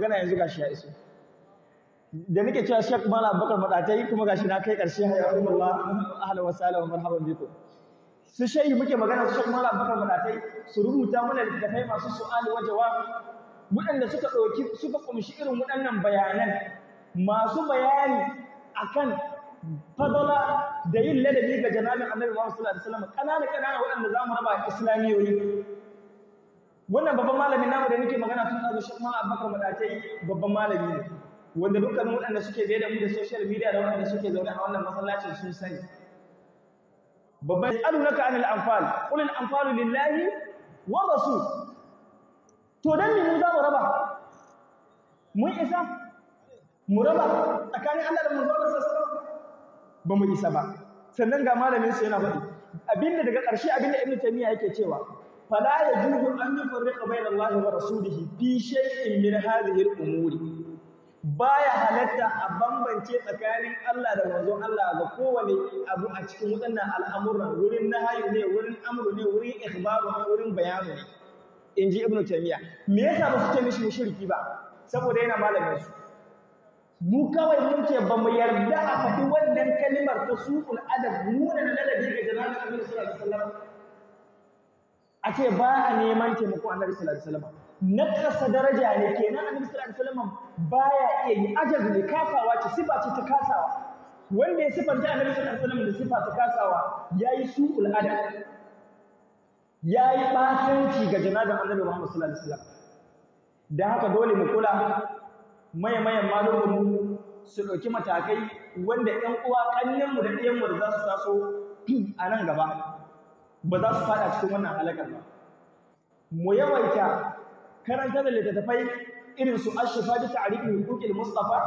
magana yanzu gashi ya iso da nake cewa Sheikh Malam bakar Madatai kuma gashi na kai karshe Allah ahlan wa sahlan wa marhaban biku su shehi muke magana su Sheikh Malam bakar Madatai su rubuta mana kai masu su'ali wa jawab waɗanda suka ɗauki suka kumshi irin wadannan bayanan masu bayani akan fadala da yin ladabi ga janabin Annabi Muhammad sallallahu alaihi wasallam kanana kanana waɗanda zamu raba islamiyoyi wannan babban malami namu da nake magana tun da shi kuma Abubakar Madatai babban malami ne wanda dukkanin waɗanda suke biye da mu da social media da waɗanda suke zaune a wannan masallacin sun sani babban alunaka anil anfal qul al anfal lillahi wa rasul to dan me mu za mu raba mun isa mu raba tsakanin Allah da manzon Allah ba mu isa ba sannan ga malamin su yana faɗi abinda daga ƙarshe abinda Ibn Taymiyyah yake cewa fala yajuzu an yufarriqa bayna Allah wa rasulihi fi shay'in min hadhihi al-umuri baya halatta a bambance tsakanin Allah da manzon Allah ga kowane abu a cikin wadannan al'amuran wurin nahayi ne wurin amru ne wurin ikhbaru ne wurin bayanu ne in ji ibnu taymiya me yasa ba su ce mishi mushriki ba saboda yana malamin su mu kawai mun ce ba mu yarda a fadi wannan kalimar ta suqul adab na ladabi ga janabi sallallahu alaihi wasallam a ce ba a neman taimako a sallallahu Salatu salama na kasa daraja ne kenan annabi Salatu salama ba ya iya yi ajaz ne kasawa ce sifa ce ta kasawa wanda ya sifanta a sallallahu Salatu salama da sifa ta kasawa ya su su'ul ya yi ɓatanci ga janabin annabi Muhammad sallallahu alaihi wasallam da haka dole mu kula maye mayan malumin su ɗauki matakai wanda ‘yan uwa ƙannenmu da ɗiyanmu da za su taso a nan gaba ba za su fada cikin wannan halakar ba mu yawaita karanta da littattafai irin su ashifa bi ta'rifi hukukil mustafa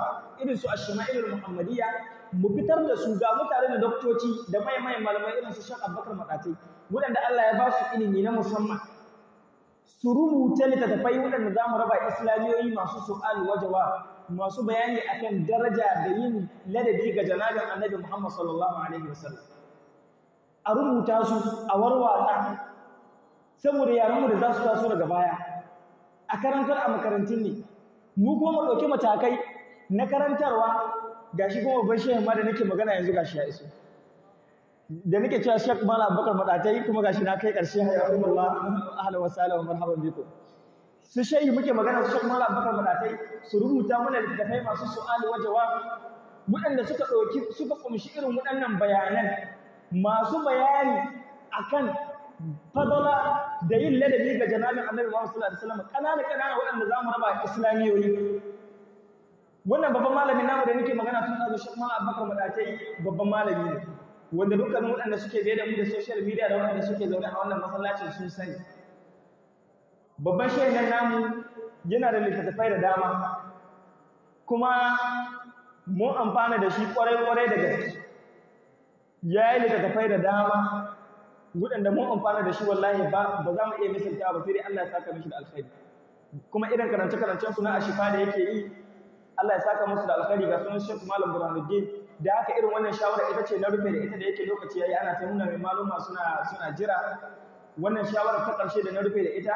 irin su ashma'il muhammadiyya mu fitar da su ga mutane da doktoci da maimai malamai irin su Sheikh Abubakar Madatai waɗanda Allah ya ba su ilimi na musamman su rubuta littattafai waɗanda za mu raba islamiyoyi masu su'al wajawa masu bayani akan daraja da yin ladabi ga janabin annabi Muhammad sallallahu alaihi wasallam a rubuta su a warwata saboda yaranmu da za su taso daga baya a karantar a makarantun ne mu kuma mu ɗauki matakai na karantarwa gashi kuma babban shehin ma da nake magana yanzu gashi ya iso da nake cewa shek mala Abubakar Madatai kuma gashi na kai ƙarshe hayyakumullah ahlan wa sahlan wa marhaban biko su shehi muke magana su shek mala Abubakar Madatai su rubuta mana littafai masu su'ali wa jawab waɗanda suka ɗauki suka kumshi irin waɗannan bayanan masu bayani akan fadala da yin ladabi ga janabin annabi Muhammad sallallahu alaihi wasallam kanana kanana waɗanda zamu raba islamiyoyi wannan babban malamin namu da nake magana tun azu Sheikh Malam Abubakar Madatai babban malami ne wanda dukkanin waɗanda suke biye da mu da social media da waɗanda suke zaune a wannan masallacin sun sani babban shehu namu yana da littattafai da dama kuma mu amfana da shi kwarai-kwarai da gaske ya yi littattafai da dama gudan da mun amfana da shi wallahi ba ba za mu iya misalta ba sai dai Allah ya saka mishi da alkhairi kuma irin karance karancen suna na shifa da yake yi Allah ya saka musu da alkhairi ga sunan Sheikh Malam Burhanuddin da haka irin wannan shawara ita ce na rufe da ita da yake lokaci yayi ana ta nuna mai maluma suna suna jira wannan shawara ta karshe da na rufe da ita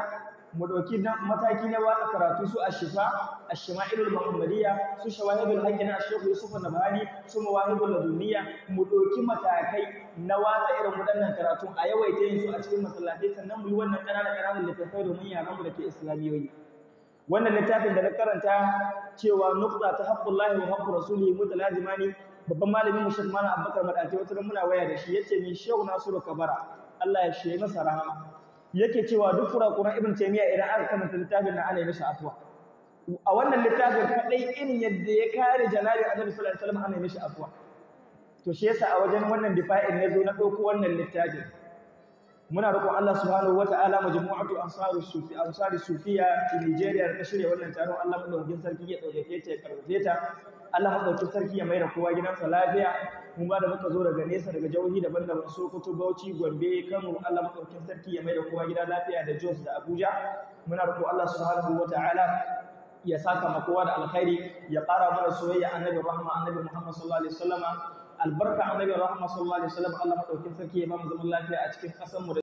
mu ɗauki mataki na watsa karatu su a shifa a shima'ilul muhammadiyya su shawahidul haqqi na shehu yusuf nabhani su mawahibul ladunniya mu ɗauki matakai na watsa irin waɗannan karatu a yawaita yin su a cikin masallatai sannan mu yi wannan ƙananan ƙananan littattafai domin yaran mu da ke islamiyoyi wannan littafin da na karanta cewa nukta ta haqqullahi wa haqqu rasulihi mutalazimani babban malamin mu Sheikh Malam Abubakar Madaje wata muna waya da shi yace min Sheikh Nasiru Kabara Allah ya shi masa rahama yake cewa duk kurakuran ibn taymiya idan aka karanta littafin na ana yi mishi a wannan littafin kadai irin yadda ya kare janabi annabi sallallahu alaihi wasallam ana yi mishi afwa to shi yasa a wajen wannan difa'in ne zo na dauko wannan littafin muna roƙon Allah subhanahu wata'ala majmu'atu ansaru sufi ansari sufiya a Nigeria ta shirye wannan taron Allah kuma wajen sarki ya dauke ta ya karbe ta Allah maɗaukin sarki ya mai da kowa gidansa lafiya mu ba da muka zo daga nesa daga jauhi daban-daban Sokoto Bauchi Gombe Kano Allah maɗaukin sarki ya mai da kowa gida lafiya da Jos da Abuja muna roƙo Allah subhanahu wataala ya saka ma kowa da alkhairi ya ƙara mana soyayya annabi rahma annabi Muhammad sallallahu alaihi wasallam albarka annabi rahma sallallahu alaihi wasallam Allah maɗaukin sarki ya ba mu zaman lafiya a cikin ƙasar mu